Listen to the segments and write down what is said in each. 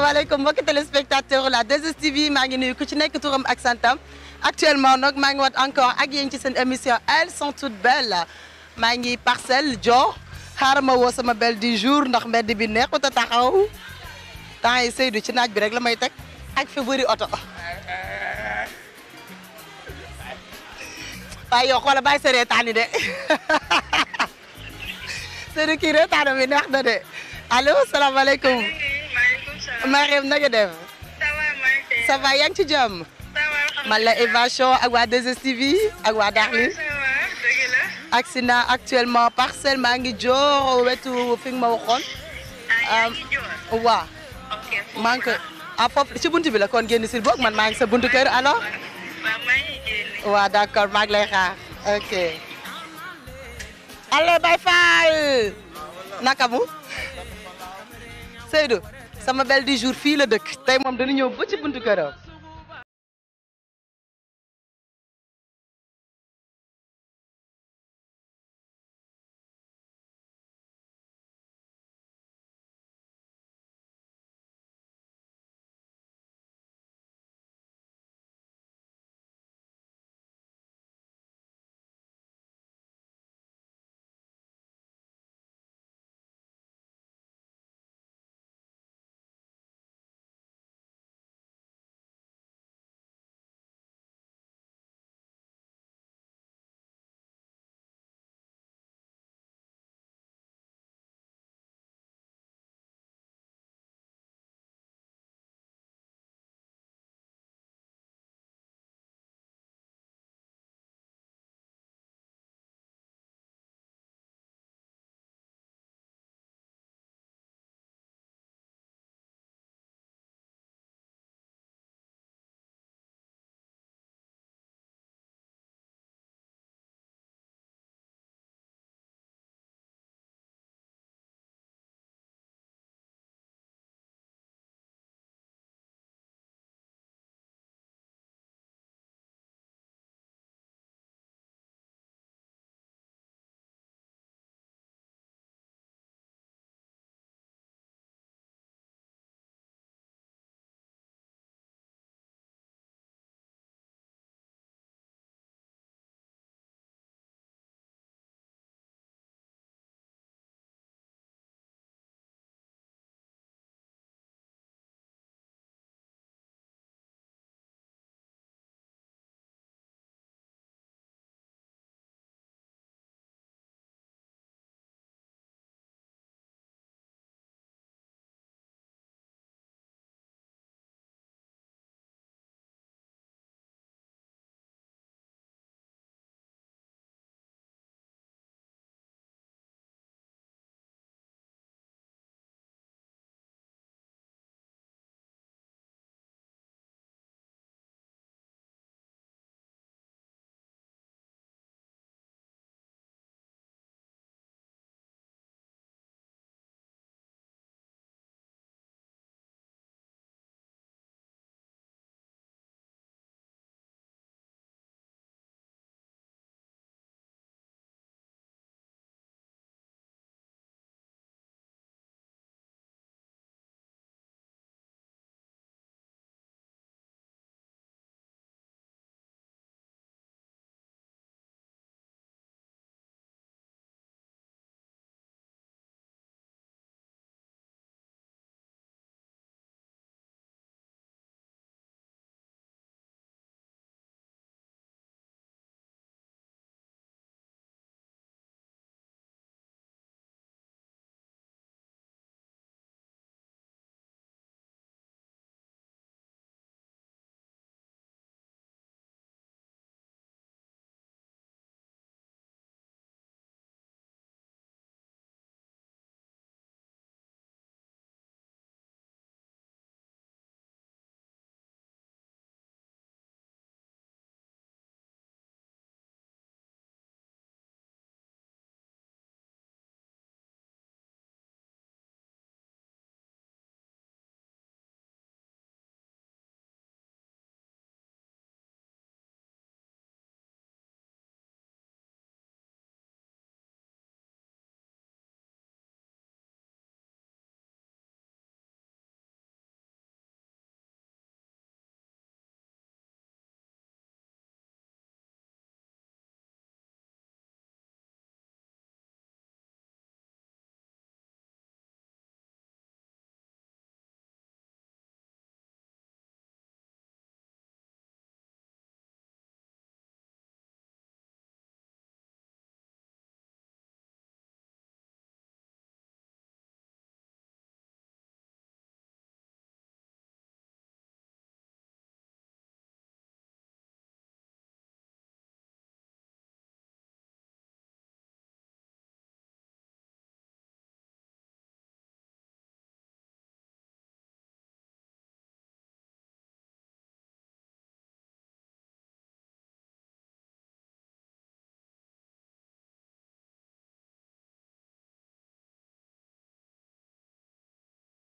asalaamaaleykum mbokki téléspectateur la 2STV maa ngi nuyu ku ci nekk turam ak santam actuellement nag maa ngi wat encore ak yéen ci seen émission elles sont toutes belles maa ngi parcelle Dior xaaral ma woo sama belle du jour ndax mbedd bi neexut a taxaw temps yi Seydou ci naaj bi rek la may teg ak fi bëri oto waaye yow xoola bàyyi sa reetaani de Seydou kii reetaanam neex na de allo salaamaaleykum. Marème na nga def. ça va yaa ngi ci jàmm. man la Eva ak waa 2STV ak waa Darlin. ak si naa actuellement parcelle maa ngi joor wetu fi nga ma waxoon. Ah, um, waaw. maa ngi ko ah foofu ci buntu bi la kon génn si boog man maa ngi sa buntu kër alors. waaw d'accord maa lay xaar ok. allez Baye Fall naka mu Seydou. sama belle du jour fii la dëkk tey moom dana ñëw ba ci buntu këram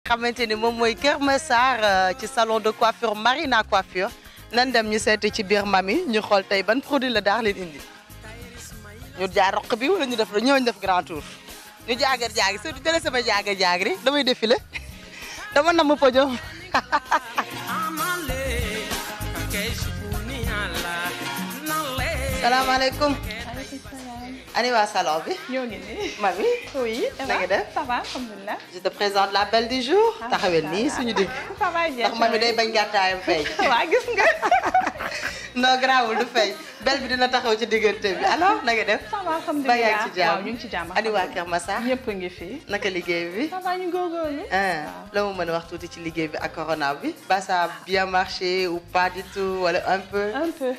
xamante ni moom mooy Kër Massar euh, ci salon de coiffure Marina coiffure nan dem ñu seeti ci biir mami ñu xool tey ban produit la daax leen indi ñu jaar roq bi wala ñu def ñooñu def grand tour ñu jaagar jaagi surtout jële sama jaagar jaagri damay défilé dama namm pojo salaamaaleykum ani waa salon bi. ñoo ngi nii mami. oui na nga def ça te présente la belle du jour. Ah, taxawel nii suñu digg. ça va jeex ndax mami day bañ gàttaayam feeñ. waaw gis nga. non garaawul du feeñ. belle bi dina taxaw ci diggante bi alors na nga def. ça va alhamdulilah ba yaa ngi ci jàmm waaw ñu ngi ci jàmm. ani waa Kër Massa. ñëpp ngi fi. naka liggéey bi. ça va ñu góorgóorlu. Ah, la mu mën a wax tuuti ci liggéey bi ak corona bi. ba ça bien marché ou pas du wala un peu. un peu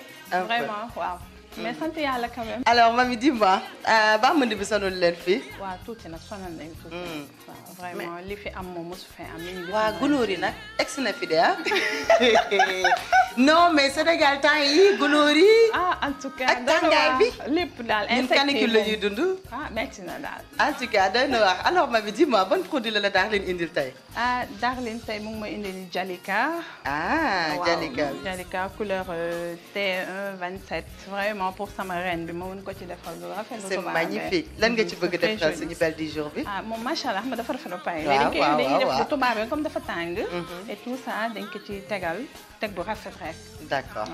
vraiment waaw. mais sant yàlla quand même. alors mami dis-moi euh, baax bi solo leen fi waaw tuuti nag sonal nañu tuuti. Mm. waaw vraiment li fi am moom mosu fee am. waa gunóor yi nag egsi na fi de ah. non mais Sénégal temps yi gunóor yi. a ah, en tout cas ak tàngaay bi lépp daal ñun canicule la ñuy dund. ah métti na daal. en tout cas doy na wax alors mami dis-moi ban produit la la Darlene indil tey. ah Darlene tey mu ngi ma indil Jalika. ah Jalika waaw Jalika couleur euh, T1 27 vraiment pour sama reine bi ma mën ko ci defal lu rafet. lu tubaab c'est magnifique lan nga ci bëgg defal suñu belle du jour bi. ah moom macha allah ma dafa rafetlu paille. waaw waaw waaw léegi dañuy def lu tubaab comme dafa tàng. Mm-hmm. et tout ça dañ ko ci tegal. teg bu rafet rek. d'accord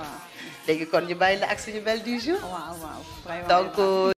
léegi kon ñu bàyyi la ak suñu belle du jour. waaw waaw donc. Euh,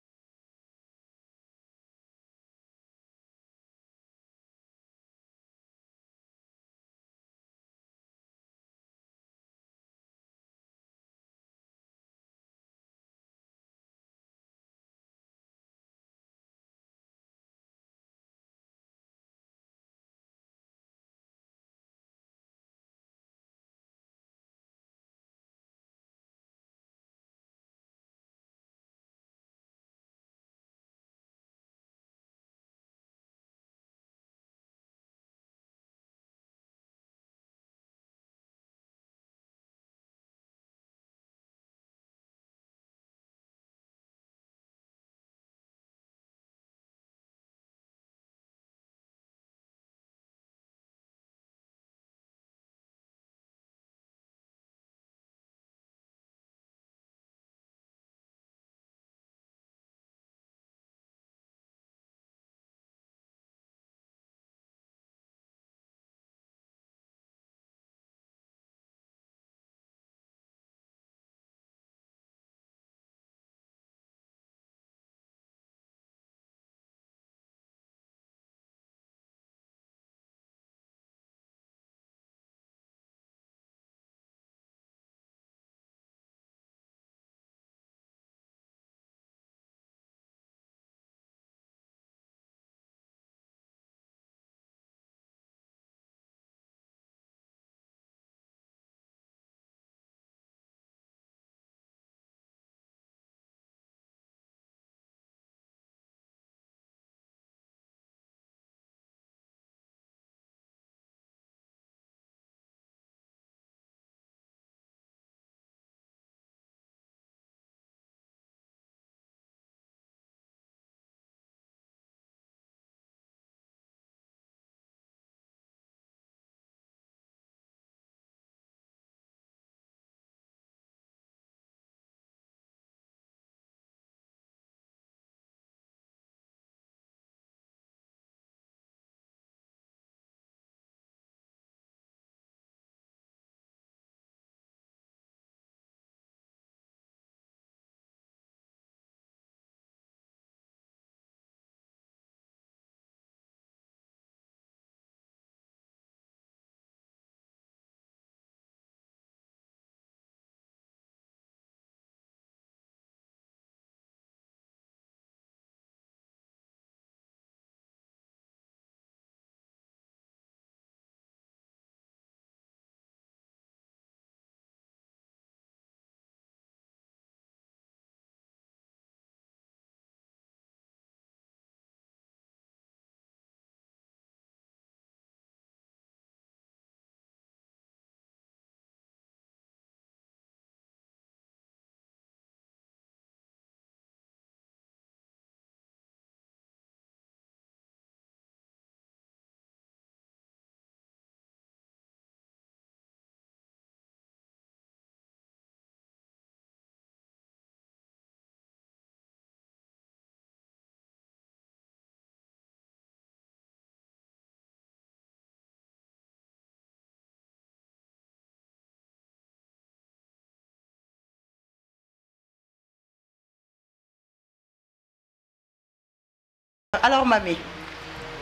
alors mami.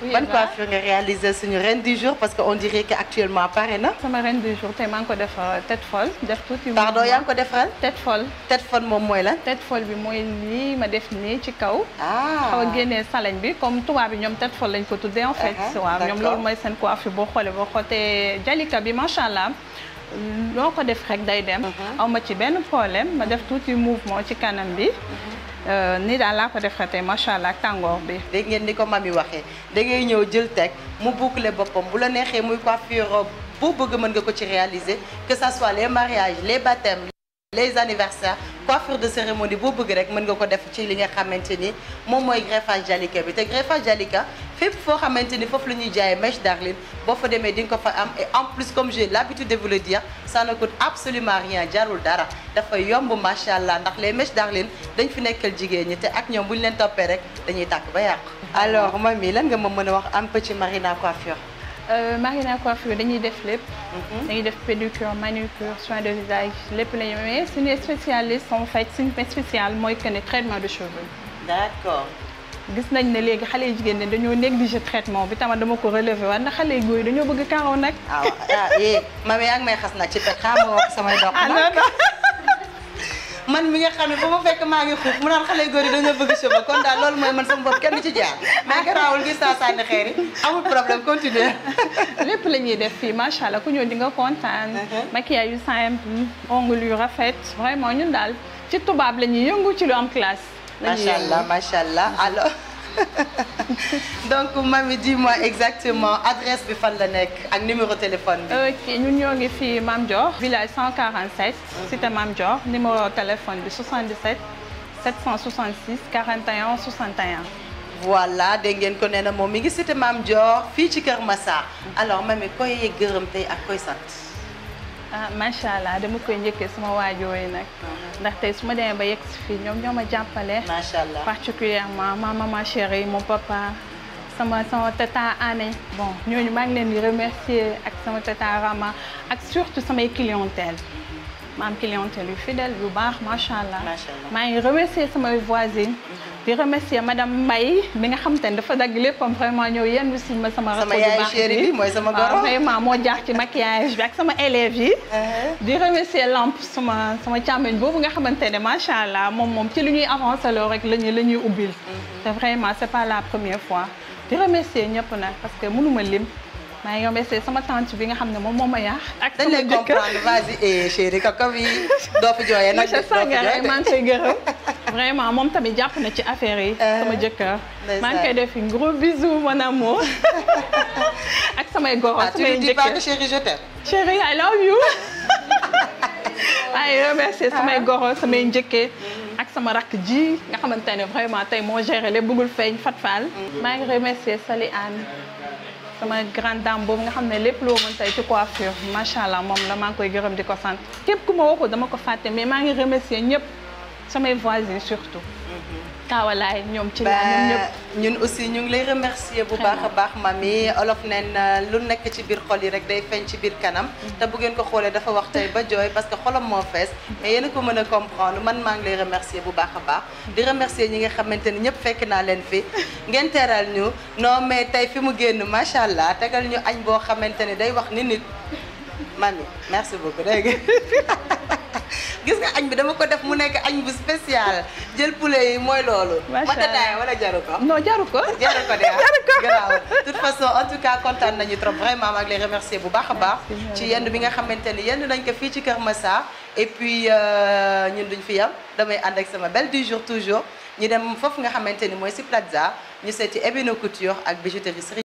oui ban coiffure nga réaliser suñu reine du jour parce que on dirait que actuellement pare na. sama reine du jour tey ngi ko def euh, tête folle def tuuti. pardon yaa ngi ko defaral. tête folle tête folle moom mooy la tête folle bi mooy nii ma def nii ci kaw. Ah. xaw a génnee salañ bi comme tubaab bi ñoom tête folle lañ ko tuddee. en fait uh-huh, waaw ñoom loolu mooy seen coiffure boo xoolee boo xotee jalika bi macha allah. loo ko def rek day dem. Uh-huh. aw ma ci benn problème ma def tuuti mouvement ci kanam bi. Uh-huh. Euh, ni daal laa ko defee tey macha allah tàngoor bi. dégg ngeen ni ko mami waxee da ngay ñëw jël teg mu boucler boppam bu la neexee muy coiffure boo bëgg mën nga ko ci réaliser que ça soit les mariages les baptêmes les anniversaires coiffure de cérémonie boo bëgg rek mën nga ko def ci li nga xamante ni moom mooy greffage jalika bi te greffage jalika fépp foo xamante ni foofu la ñuy jaayee mèche d'arline boo fa demee di nga ko fa am et en plus comme j'ai l'habitude de vous le dire ça ne absolument rien jarul dara dafa yomb macha allah ndax les meche d'arline dañ fi nekkal jigéen ñi te ak ñoom bu ñu leen toppee rek dañuy tàkk ba yàqu. alors mami lan nga ma mën a wax un peu ci Marina coiffure. Euh, Marina coiffure dañuy def lépp. Mhm. dañuy def pédicure manucure soin de visage lépp la ñu mais suñu spécialiste en fait suñu spécial mooy que ne traitement de cheveux. d'accord. gis nañ ne léegi xale yu jigéen ñi dañoo négliger traitement bi tamit dama ko relever waat ndax xale yu góor yi dañoo bëgg karaw nag. ah ah eh mami yaa ngi may xas nag ci pet xaaral ma wax samay dox. man mi nga xam ne ba ma fekk maa ngi xuuf mu naan xale góor yi dañoo bëgg cheveux kon daal loolu mooy man sama bopp kenn ci jaar mais garaawul gis naa sànni xeer yi amul problème continuer lépp la ñuy def fii macha allah ku ñëw di nga kontaan. Uh-huh. maquillage yu simple ongle yu rafet vraiment ñun daal ci tubaab la ñuy yëngu ci lu am classe. macha allah macha allah alors. donc mami dis-moi exactement adresse bi fan la nekk ak numéro téléphone bi. ok ñun ñoo ngi fii Mame Dior. village 147. cité Mame Dior numéro téléphone bi 77 766 41 61. voilà dégg ngeen ko nee na moom mi ngi cité Mame Dior fii ci Kër Massar. alors mami koy gërëm tey ak koy sant. ah macha allah dama koy njëkkee suma waajoo yi nag. ndaxte su ma demee ba yegg si fii ñoom ñoo ma jàppale. macha allah particulièrement ma maman chérie mon papa. sama sama tata Anne bon ñooñu maa ngi leen di remercier ak sama tata Rama ak surtout samay clientèle. ma am clientèle yu fidèle yu baax macha allah. maa ngi remercier samay voisine mhm. di remercier madame may mi nga xam te ne dafa dagg léppam vraiment ñëw yenn si ma sama. rajo bu baax bi mooy sama goro ah, vraiment moo jaax ci maquillage bi ak sama élèves yi. Uh-huh. di remercier lamp sama sama càmmiñ boobu nga xamante ne macha allah moom moom ci lu ñuy avancer loo rek la ñuy la ñuy ubbil. Mhm. te vraiment c'est pas la première fois. di remercier ñëpp nag parce que ma lim. maa ngi yomb sama tante bi nga xam ne moom moo ma yaax. ak sama jëkkër dañ leen comprendre vas-y et eh, chérie kaka bi doo fi jooyee nag. monsieur Sangaré maa ngi koy gërëm. vraiment moom tamit jàpp na ci affaire yi. Euh, sama jëkkër. maa ngi koy def un gros bisou mon amour. ak samay goro samay jëkkër ah tu dis chérie je t'aime. chérie I love you. ay remercier samay ah. goro samay njëkkee ak sama rakk ji nga xamante ne vraiment tey moo géré lépp bëggul feeñ Fatfal mm. maa ngi remercier Sali Anne sama grande dame boobu nga xam ne lépp loo mën tey ci coiffure macha allah moom la maa ngi koy gërëm di ko sant képp ku ma waxul dama ko fàtte mais maa ngi remercier ñëpp samay voisins surtout kaawalaay ñoom ci la ñoom ñëpp ñun aussi ñu ngi lay remercier bu baax a baax mami olof neen lu nekk ci biir xol yi rek day feeñ ci biir kanam mm-hmm. te bu ngeen ko xoolee dafa wax tey ba jooy parce que xolam moo fees mais yéen a ko mën a comprendre man maa ngi lay remercier bu baax a baax di remercier ñi nga xamante ni ñëpp fekk naa leen fi ngeen teeral ñu non mais tey fi mu génn macha allah tegal ñu añ boo xamante ni day wax ni nit mami merci beaucoup dégg nga gis nga añ bi dama ko def mu nekk añ bu spécial jël poulet yi mooy loolu. macha allah wala jaru ko. non jaru ko jaru ko de ah. jaru ko garaaw de toute façon en tout cas kontaan nañu trop vraiment maa remercier bu baax a baax. ci yendu bi nga xamante ni yendu nañ ko fii ci Kër Massar. et puis euh, ñun duñ fi yam damay ànd ak sama belle du jour toujours ñu dem foofu nga xamante ni mooy si Plaza ñu seeti Ebino Couture ak bijouterie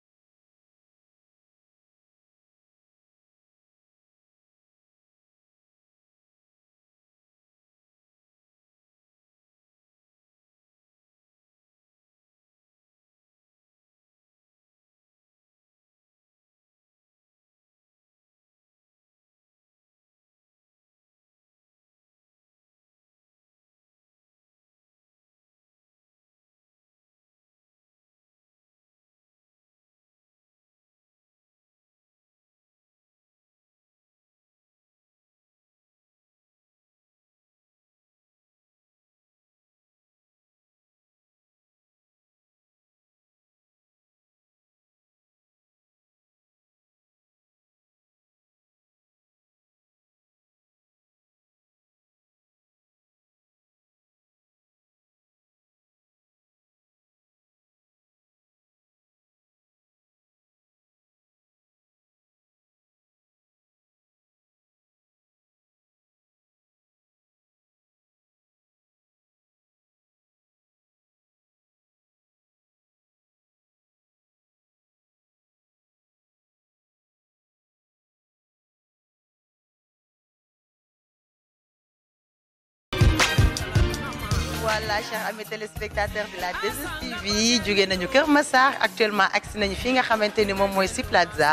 walla chers amis téléspectateurs de la 2STV jóge nañu Kër Massar actuellement agsi nañu fi nga xamante ni moom mooy si Plaza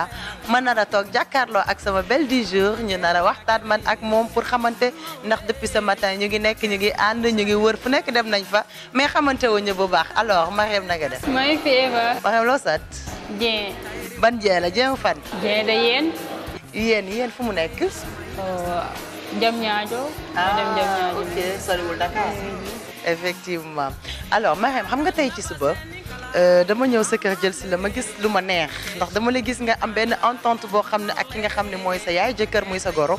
ma nar a toog jàkkaarloo ak sama belle du jour ñu nar waxtaan man ak moom pour xamante ndax depuis ce matin ñu ngi nekk ñu ngi ànd ñu ngi wër fu nekk dem nañ fa mais xamante wuñu bu baax alors Mariam na nga def. mooy Eva. Mariam loo sat. Dieng. ban Dieng la Dieng fan. Dieng de yéen. yéen yéen fu mu nekk. jam oh, ñaajo. ah ok soriwul Dakar. Mm-hmm. effectivement alors Marème xam nga tey ci suba euh, dama ñëw sa kër jël si la ma gis lu ma neex ndax dama la gis nga am benn entente boo xam ne ak ki nga xam ne mooy sa yaay jëkkër mooy sa goro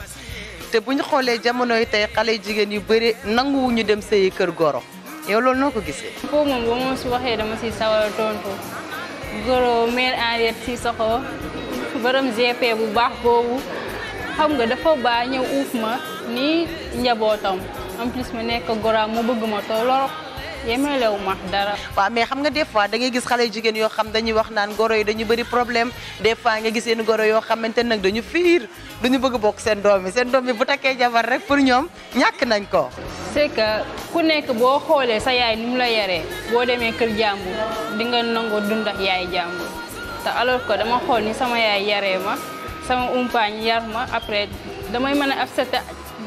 te bu ñu xoolee jamonoy tey xale jigéen yu bëri ñu dem sëyi kër goro yow loolu noo ko gisee. foofu moom boo ma si waxee dama si sawar tontu goro mère Henriette si soxo borom GP bu baax boobu xam nga dafa baa ñëw uuf ma nii njabootam. en plus ma nekk goraam mu bëgg ma tolloo yemelewu ma dara. waa mais xam nga des fois da ngay gis xale jigéen yoo xam dañuy wax naan goro yi dañu bëri problème des fois nga gis seen goro yoo xamante nag dañu fiir duñu bëgg bokk seen doom yi seen doom yi bu takkee jabar rek pour ñoom ñàkk nañ ko. c'est que ku nekk boo xoolee sa yaay ni la yaree boo demee kër jàmbur di nga nangoo dund ak yaay jàmbur te alors que dama xool ni sama yaay yaree ma sama umpaañ yar ma après damay mën a accepter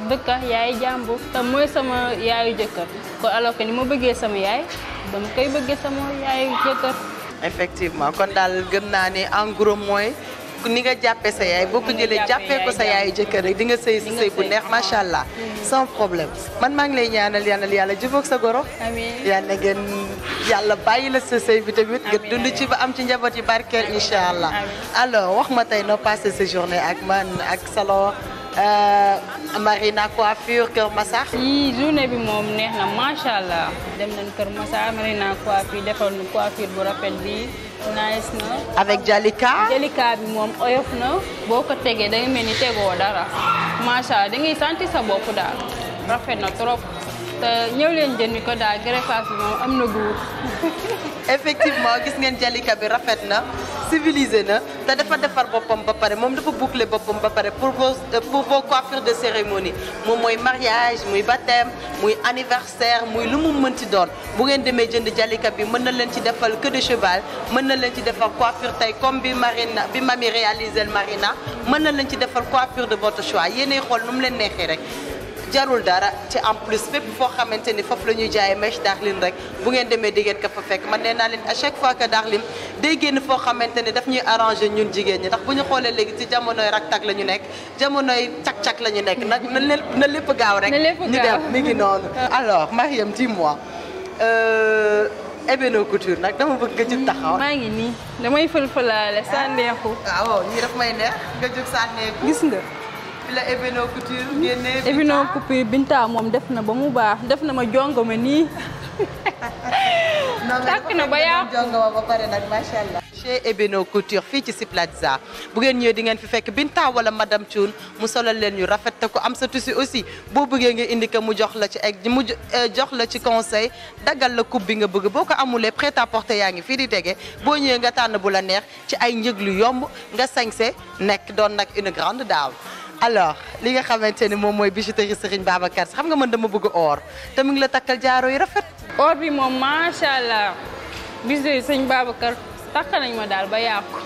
dëkka yaay jàmbur te mooy sama yaayu jëkkër ko alors que ni ma bëggee sama yaay dama koy bëggee sama yaayu jëkkër effectivement kon daal gëm naa ne en gros mooy ni nga jàppee sa yaay boo ko jëlee jàppee ko sa yaayu jëkkër rek di nga sëy si sëy bu neex macha allah sans problème man maa ngi lay ñaanal ñaanal yàlla jubóog sa goro amiin yàlla ngeen yàlla bàyyi la sa sëy bi tamit nga dund ci am ci njaboot yi barkeel incha allah alors wax ma tey noo passé sa journée ak man ak Salor Euh, Marina coiffure Kër Massar. yii journée bi moom neex na macha allah dem nañ Kër Massar Marina coiffure defal nu coiffure bu rafet bi nice na. avec Jalika. Jalika bi moom oyof na boo ko tegee da nga mel ni tegoo dara macha allah da ngay santi sa bopp daal rafet na trop. te ñëw leen jëndi ko daal greffage bi moom am na góor. effectivement gis ngeen Jalika bi rafet na civilisé na te dafa defar boppam ba pare moom dafa boucler boppam ba pare pour vos pour vos coiffures de cérémonie moom mooy mariage muy baptême muy anniversaire muy lu mu mënti doon bu ngeen demee jënd Jalika bi mën na leen ci defal queue de cheval mën na leen ci defal coiffure tey comme bi Marina bi mami réalisé Marina mën na leen ci defal coiffure de votre choix yéenay xool nu mu leen neexee rek. jarul dara ci en plus fépp foo xamante ni foofu la ñuy jaayee mèche Darling rek bu ngeen demee di ngeen ko fa fekk man nee naa leen à chaque fois que Darling génn foo xamante ni daf ñuy arrangé ñun jigéen ñi ndax bu ñu xoolee léegi ci jamonoy raktak la ñu nekk jamonoy cak-cak la ñu nekk nag na lépp gaaw rek ñu dem mi ngi noonu alors Mariam dis-moi euh, Ebeno Couture nag dama bëgg nga jóg taxaw. maa ngi nii damay fël-fëlaale ah. sànneeku. Ah, waaw ñii daf may neex nga jóg sànneeku. gis nga. bi la Evino moom def na ba mu baax def na ma jongoma nii. takk na ba yaa jongoma fii ci si Plaza bu ngeen ñëwee dingeen fi fekk Binta wala madame Thioune mu solal leen ñu rafet te ko am sa tissu aussi boo bëggee nga indi ko mu jox la ci egg mu euh, jox la ci conseil daggal la coupe bi nga bëgg boo ko amulee prêt à yaa ngi fii di tege boo ñëwee nga tànn bu la neex ci ay njëg lu yomb nga sañse nekk doon nag une grande dame. alo li nga xamante ni moom mooy bijouterie Serigne Babacar Sy xam nga man dama bëgg oor te mu ngi la takkal jaaro yu rafet. or bi moom macha allah bijouterie Serigne Babacar takk nañ ma daal ba yàqu.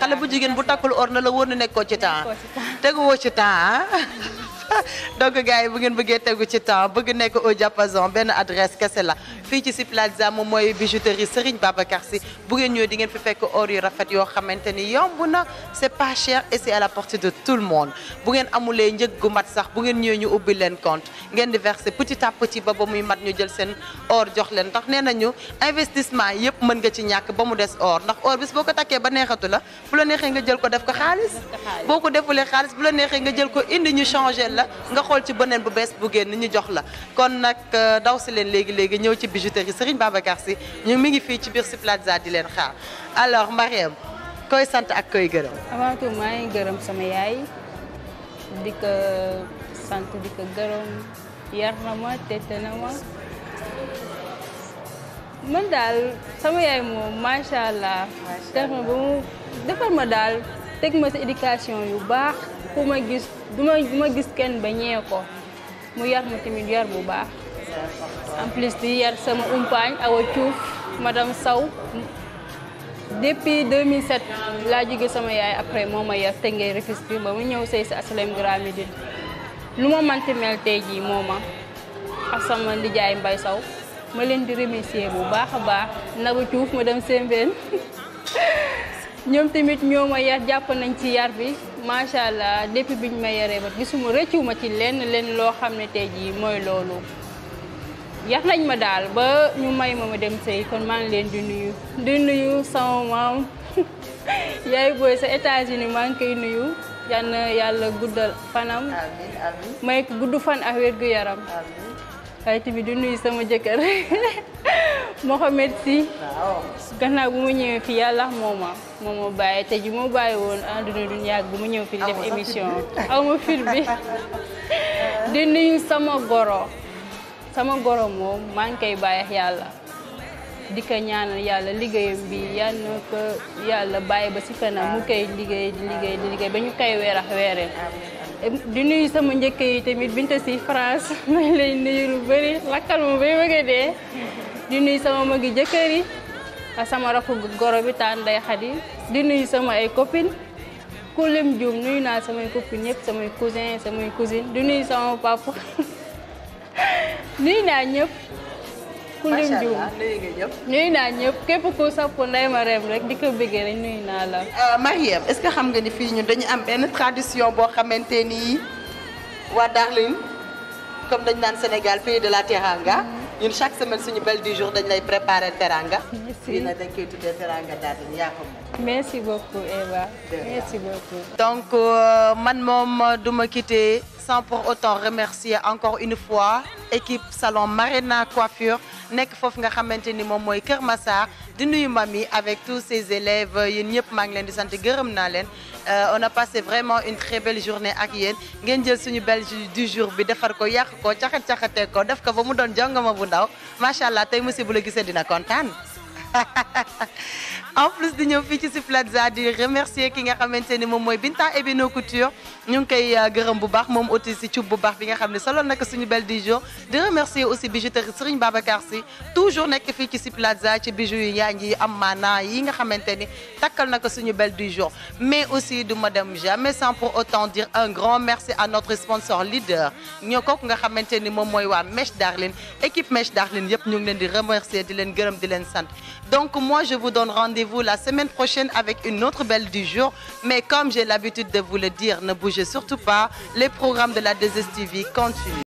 xale bu jigéen bu takkul or na la wóor na nekkoo ci temps teguwoo ci temps ah. donc gars yi bu ngeen bëggee tegu ci temps bëgg nekk au diapason benn adresse kese la fii ci si Plaza moom mooy bijouterie Serigne Babacar Sy bu ngeen ñëwee di ngeen fi fekk or yu rafet yoo xamante ni yomb na c'est pas cher et la portée de tout le monde bu ngeen amulee njëg gu mat sax bu ngeen ñëwee ñu ubbi leen compte ngeen di verser petit à petit ba ba muy mat ñu jël seen or jox leen ndax nee nañu investissement yëpp mën nga ci ñàkk ba mu des or ndax o bis boo ko takkee ba neexatu la bu la neexee nga jël ko def ko xaalis boo ko defulee xaalis bu ko indi ñu changer la nga xool ci beneen bu bees bu génn ñu jox la kon nag euh, daw si leen léegi léegi ñëw ci bijouterie Serigne Babacar Sy ñu mi ngi fii ci biir si Plaza di leen xaar alors Mariam koy sant ak koy gërëm. avant maa ngi gërëm sama yaay di ko sant di ko gërëm yar na ma tete na ma man daal sama yaay moom macha allah. macha ba mu defar ma daal teg ma sa éducation yu baax ku ma gis. du ma du ma gis kenn ba ñee ko mu yar ma tamit yar bu baax en plus di yar sama umpaañ Awa Diouf madame Sow depuis 2007 laa jóge sama yaay après moo ma yar tëngee refus bi ba mu ñëw sëy si asalem Grand Médine lu ma manti mel tey jii moo ak sama nijaay Mbay saw ma leen di remercier bu baax a baax Naba Diouf dem Sembène ñoom tamit ñoo ma yar jàpp nañ ci yar bi macha allah bi ñu ma yaree ba gisuma rëccuwuma ci lenn lenn loo xam ne tey jii mooy loolu. yar nañ ma daal ba ñu may ma dem sëy kon maa ngi leen di nuyu di nuyu sama maam yaay booy sa États-Unis maa ngi koy nuyu yal yàlla guddal fanam. amiin amiin may gudd fan ak wér gu yaram. waaye bi du nuyu sama jëkkër Mohamed Sy. waaw gannaaw bu ma ñëwee fii yàlla moo ma moo ma bàyyi te ji moo bàyyi woon àdduna du yàgg bu mu ñëw fii def émission aw ma fir bi di nuyu sama goro sama goro moom maa ngi koy bàyyi yàlla. di ko ñaanal yàlla liggéeyam bi yal na ko yàlla bàyyi ba si kanam mu koy liggéey di liggéey di liggéey ba ñu koy weer ak di nuy sama njëkk yi tamit binta si France ma lay nuyu lu bëri lakkal ma bay bëgg dee di nuyu sama magi jëkkër yi sama rafu goro bi taan day xadi di nuyu sama ay copine ku lim juum nuyu naa samay copine ñëpp samay cousin samay cousine di nuyu sama papa nuyu naa ñëpp Koundou Diouf nuyu naa ñëpp képp ku sappo Ndeye Marème rek di ko bëggee rek nuyu naa la. Euh, Mariem est-ce que xam nga ni fii ñu dañu am benn tradition boo xamante ni waa Darling comme dañ naan Sénégal pays de la Teranga. Mhm. ñun chaque semaine suñu belle di jour dañ lay préparer teranga. merci lii nag dañ koy tuddee teranga daal di yaa ko merci beaucoup Eva. donc euh, man moom euh, du ma quitter sans pour autant remercier encore une fois équipe salon Marina coiffure. nekk foofu nga xamante ni moom mooy Kër Massar di nuyu mami avec tous ses élèves yéen ñëpp maa ngi leen di sant gërëm naa leen euh, on a passé vraiment une très belle journée ak yéen ngeen jël suñu belle du jour bi defar ko yàq ko caxat caxatee ko def ko ba mu doon jongama bu ndaw macha allah tey monsieur bu la gisee dina kontaan. en plus di ñëw fii ci si Plaza di remercier ki nga xamante ni moom mooy Binta Ebino Couture ñu ngi koy euh, gërëm bu baax moom auti si cub bu baax bi nga xam ne solo naka suñu belle du jour di remercier aussi bijouterie Serigne Babacar Sy toujours nekk fii ci si Plaza ci bijoux yi yaa ngi am maana yi nga xamante ni takkal naka suñu belle di jour mais aussi du madame jamais sans pour autant dire un grand merci à notre sponsor leader ñoo kooku nga xamante ni moom mooy waa Mèche Darling équipe Mèche Darling yëpp ñu ngi leen di remercier di leen gërëm di leen sant Donc moi, je vous donne rendez-vous la semaine prochaine avec une autre belle du jour. Mais comme j'ai l'habitude de vous le dire, ne bougez surtout pas. Les programmes de la 2STV continuent.